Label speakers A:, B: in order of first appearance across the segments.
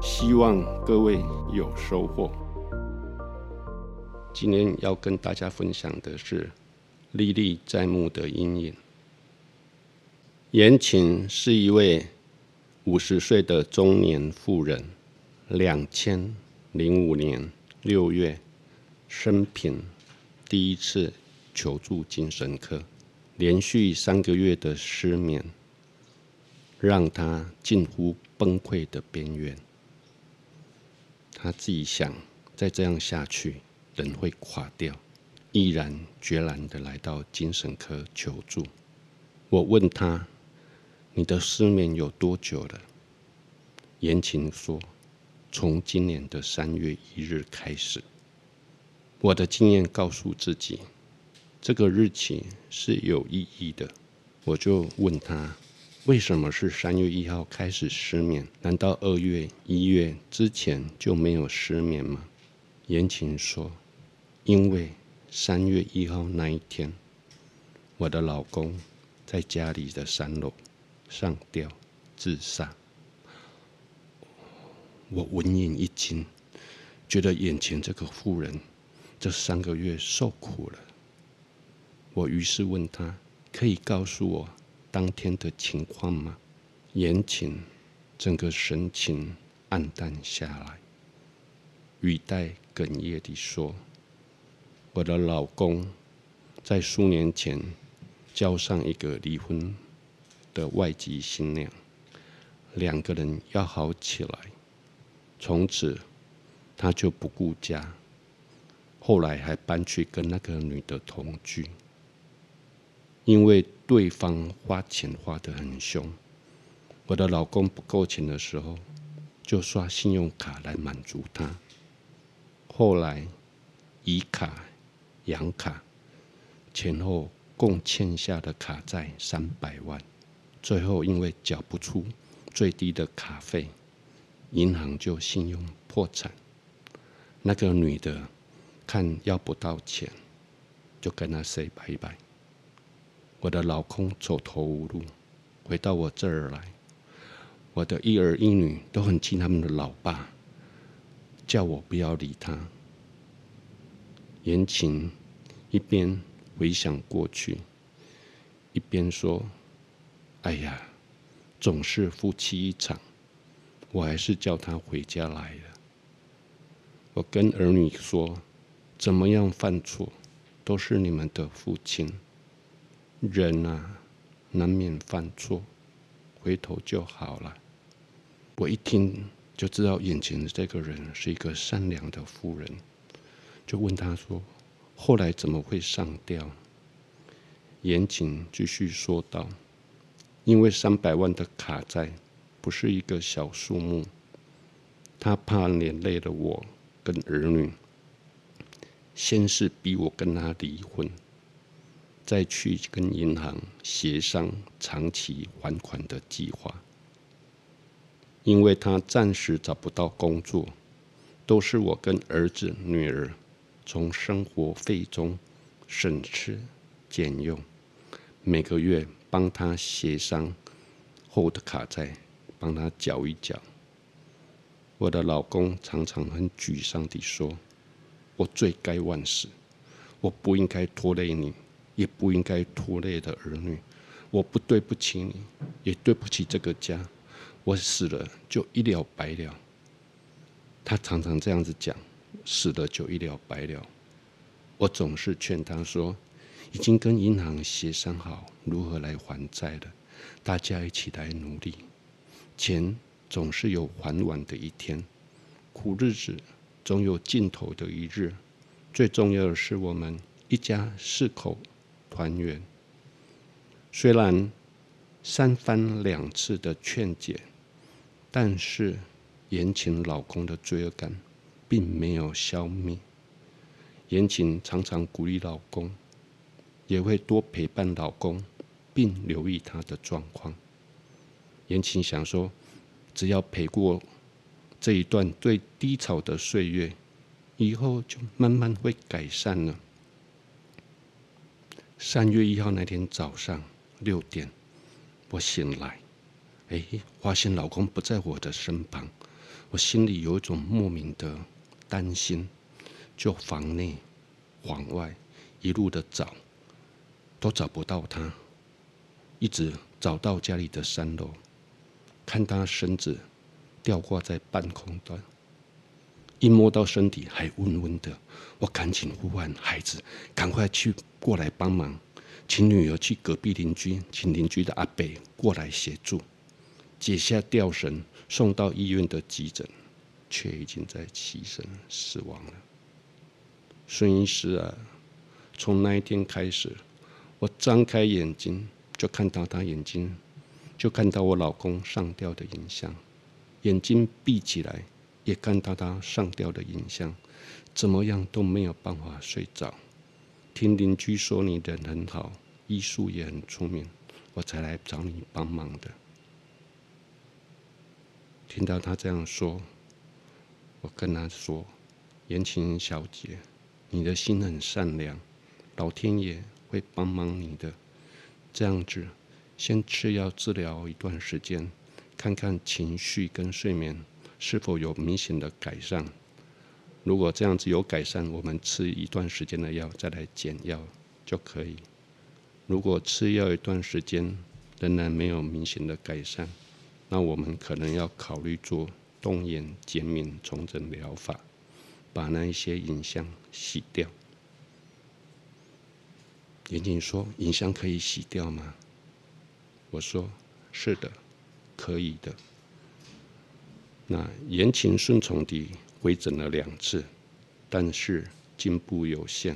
A: 希望各位有收穫。今天要跟大家分享的是歷歷在目的陰影。顏琴是一位五十歲的中年婦人，兩千零五年六月，生平第一次求助精神科，連續三個月的失眠，讓她近乎崩潰的邊緣。他自己想，再這樣下去，人會垮掉，毅然決然的來到精神科求助。我問他：“你的失眠有多久了？”顏琴說：“從今年的三月一日開始。”我的經驗告訴自己，這個日期是有意義的。我就問他。為什麼是三月一號開始失眠？難道二月、一月之前就沒有失眠嗎？顏琴說，因為三月一號那一天，我的老公在家裡的三樓上吊自殺，我聞言一驚，覺得眼前這個婦人這三個月受苦了。我於是問他，可以告訴我當天的情況嗎？顏琴整個神情黯淡下來，語帶哽咽地說：“我的老公在數年前交上一個離婚的外籍新娘，兩個人要好起來，從此他就不顧家，後來還搬去跟那個女的同居。”因為對方花錢花得很凶，我的老公不夠錢的時候，就刷信用卡來滿足他。後來，以卡養卡，前後共欠下的卡債三百萬。最後因為繳不出最低的卡費，銀行就信用破產。那個女的看要不到錢，就跟他 say 拜拜。我的老公走投無路，回到我這兒來。我的一兒一女都很親他們的老爸，叫我不要理他。顏琴一邊回想過去，一邊說：“哎呀，總是夫妻一場，我還是叫他回家來了。”我跟兒女說：“怎麼樣犯錯，都是你們的父親。”人啊，難免犯錯，回頭就好了。我一聽就知道眼前的這個人是一個善良的婦人，就問他說：“後來怎麼會上吊？”顏琴繼續說道：“因為三百萬的卡債不是一個小數目，他怕連累了我跟兒女，先是逼我跟他離婚。”再去跟銀行協商長期還款的計劃，因為他暫時找不到工作，都是我跟兒子、女兒從生活費中省吃儉用，每個月幫他協商 Hold 卡債，幫他繳一繳。我的老公常常很沮喪地說：“我罪該萬死，我不應該拖累你。”也不應該拖累的兒女，我不對不起你，也對不起這個家，我死了就一了百了。他常常這樣子講，死了就一了百了。我總是勸他說，已經跟銀行協商好如何來還債了，大家一起來努力，錢總是有還完的一天，苦日子總有盡頭的一日。最重要的是，我們一家四口團圓，雖然三番兩次的勸解，但是顏琴老公的罪惡感並沒有消滅。顏琴常常鼓勵老公，也會多陪伴老公，並留意他的狀況。顏琴想說，只要陪過這一段最低潮的歲月，以後就慢慢會改善了。三月一號那天早上六點，我醒來，哎，發現老公不在我的身旁，我心裡有一種莫名的擔心，就房內、房外一路的找，都找不到他，一直找到家裡的三樓，看他身子吊掛在半空端。一摸到身體還溫溫的，我趕緊呼喚孩子，趕快去過來幫忙，請女兒去隔壁鄰居，請鄰居的阿伯過來協助，解下吊繩送到醫院的急診，卻已經在氣絕身亡了。孫醫師啊，從那一天開始，我張開眼睛就看到他眼睛，就看到我老公上吊的影像，眼睛閉起來，也看到他上吊的影像，怎麼樣都沒有辦法睡着。聽鄰居說你人很好，醫術也很出名，我才來找你幫忙的。聽到他這樣說，我跟他說：“顏琴小姐，你的心很善良，老天爺會幫忙你的。這樣子，先吃藥治療一段時間，看看情緒跟睡眠。”是否有明顯的改善？如果這樣子有改善，我們吃一段時間的藥再來減藥就可以。如果吃藥一段時間仍然沒有明顯的改善，那我們可能要考慮做動眼減敏重整療法，把那一些影像洗掉。顏琴說：“影像可以洗掉嗎？”我說：“是的，可以的。”那顏琴順從地回診了兩次，但是進步有限。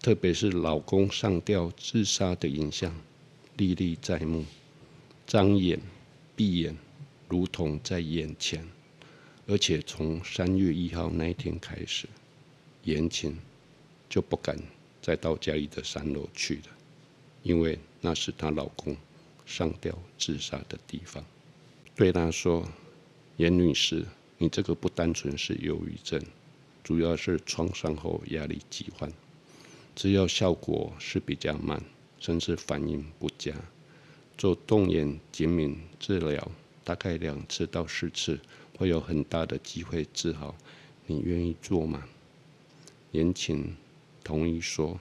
A: 特別是老公上吊自殺的影像歷歷在目，張眼閉眼，如同在眼前。而且從三月一號那一天開始，顏琴就不敢再到家裡的三樓去了，因為那是她老公上吊自殺的地方。對她說。顏女士，你這個不單純是憂鬱症，主要是創傷後壓力疾患。治療效果是比較慢，甚至反應不佳。做動眼減敏治療，大概兩次到四次，會有很大的機會治好。你願意做嗎？顏琴同意說，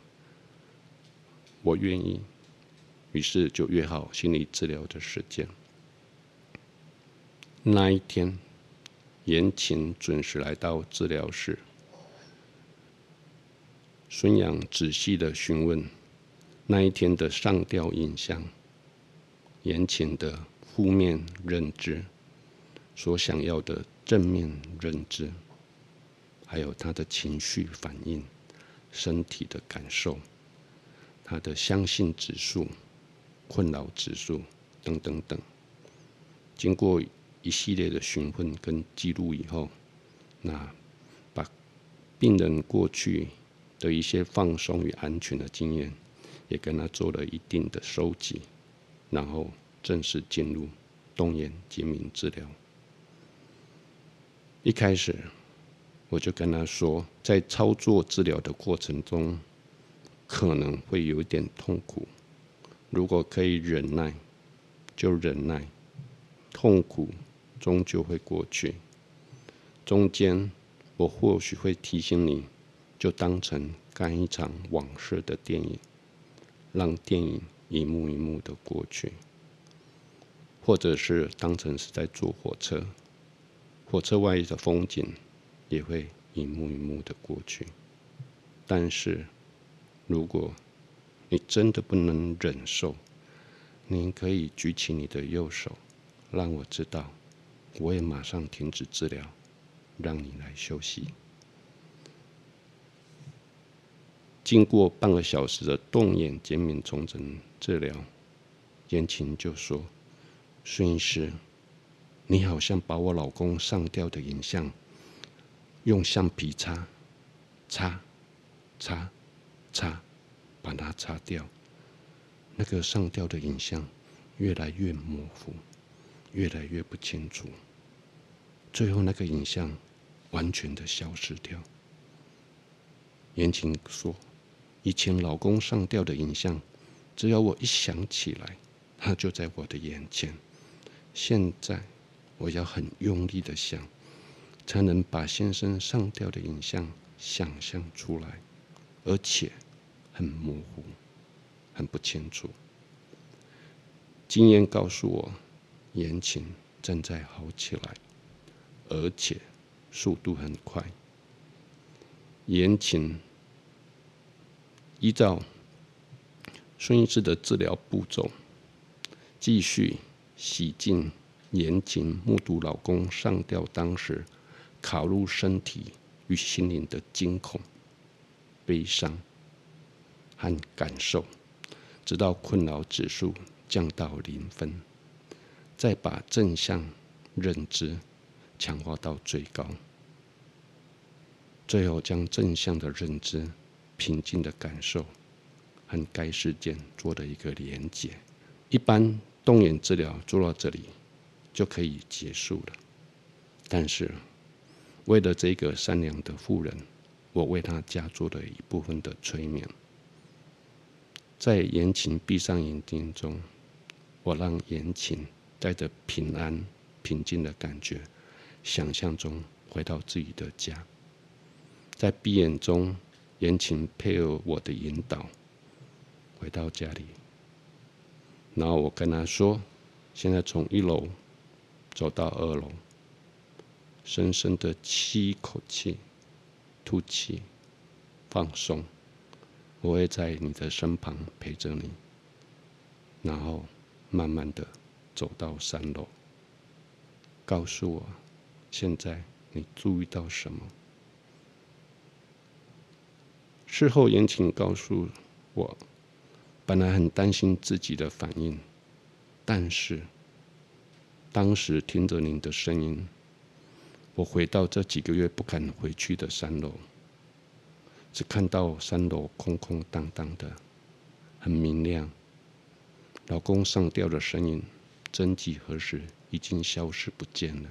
A: 我願意。於是就約好心理治療的時間。那一天，顏琴準時來到治療室。孫楊仔細地詢問那一天的上吊影像、顏琴的負面認知、所想要的正面認知，還有他的情緒反應、身體的感受、他的相信指數、困擾指數等等等，經過一系列的詢問跟記錄以後，那把病人過去的一些放鬆與安全的經驗，也跟他做了一定的收集，然後正式進入動眼減敏治療。一開始我就跟他說，在操作治療的過程中可能會有點痛苦，如果可以忍耐，就忍耐痛苦。終究會過去。中間，我或許會提醒你，就當成看一場往事的電影，讓電影一幕一幕的過去；或者是當成是在坐火車，火車外的風景也會一幕一幕的過去。但是，如果你真的不能忍受，您可以舉起你的右手，讓我知道。我也馬上停止治療，讓你來休息。經過半個小時的動眼減敏重整治療，顏琴就說：“孫醫師，你好像把我老公上吊的影像，用橡皮擦擦擦擦，把它擦掉。那個上吊的影像越來越模糊。”越來越不清楚，最後那個影像完全的消失掉。顏琴說，以前老公上吊的影像，只要我一想起來，他就在我的眼前。現在我要很用力的想，才能把先生上吊的影像想象出來，而且很模糊，很不清楚。經驗告訴我。顏琴正在好起來，而且速度很快。顏琴依照孫醫師的治療步驟，繼續洗淨顏琴，目睹老公上吊當時，卡入身體與心靈的驚恐、悲傷和感受，直到困擾指數降到零分。再把正向認知強化到最高，最後將正向的認知、平靜的感受和該事件做的一個連結。一般動眼治療做到這裡就可以結束了，但是為了這個善良的婦人，我為她加做了一部分的催眠。在顏琴閉上眼睛中，我讓顏琴。帶着平安、平靜的感覺，想象中回到自己的家，在閉眼中，顏琴配合我的引導，回到家裡。然後我跟他說：“現在從一樓走到二樓，深深的吸口氣，吐氣，放鬆。我會在你的身旁陪着你，然後慢慢的。”走到三樓，告訴我，現在你注意到什麼？事後也請告訴我。本來很擔心自己的反應，但是當時聽着您的聲音，我回到這幾個月不敢回去的三樓，只看到三樓空空蕩蕩的，很明亮。老公上吊的聲音。曾幾何時已經消失不見了。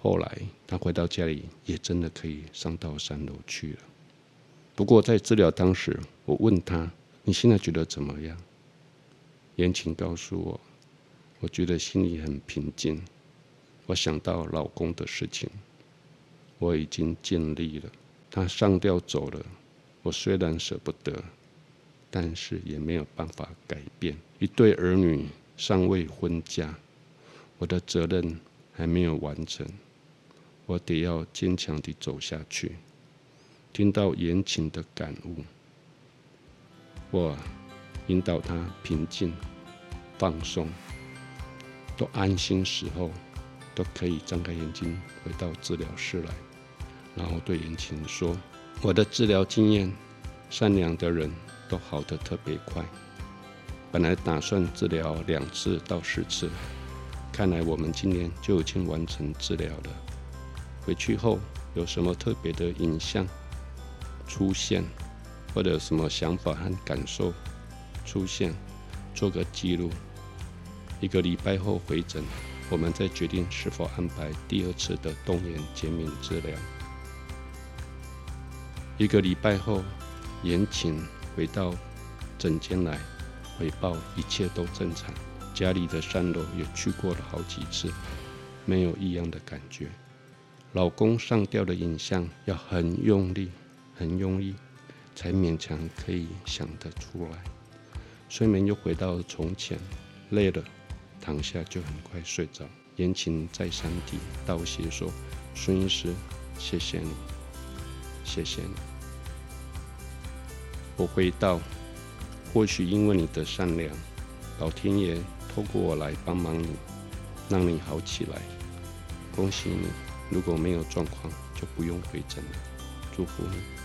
A: 後來他回到家裡，也真的可以上到三樓去了。不過在治療當時，我問他：“你現在覺得怎麼樣？”顏琴告訴我：“我覺得心裡很平靜。我想到老公的事情，我已經盡力了。他上吊走了，我雖然捨不得，但是也沒有辦法改變。一對兒女。”尚未婚嫁，我的責任還沒有完成，我得要堅強地走下去。聽到顏琴的感悟，我引導他平靜、放鬆，都安心時候，都可以張開眼睛回到治療室來，然後對顏琴說：“我的治療經驗，善良的人都好得特別快。”本來打算治療兩次到十次，看來我們今年就已經完成治療了。回去後有什麼特別的影像出現，或者什麼想法和感受出現，做個記錄。一個禮拜後回診，我們再決定是否安排第二次的動眼減敏治療。一個禮拜後，顏琴回到診間來。回報一切都正常，家裡的三樓也去過了好幾次，沒有異樣的感覺。老公上吊的影像要很用力，很用力，才勉強可以想得出來。睡眠又回到從前，累了，躺下就很快睡着。顏琴再三地道謝說：“孫醫師，謝謝你，謝謝你。”我回道。或許因為你的善良，老天爺透過我來幫忙你，讓你好起來。恭喜你！如果沒有狀況，就不用回診了。祝福你。